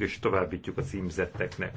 és továbbítjuk a címzetteknek.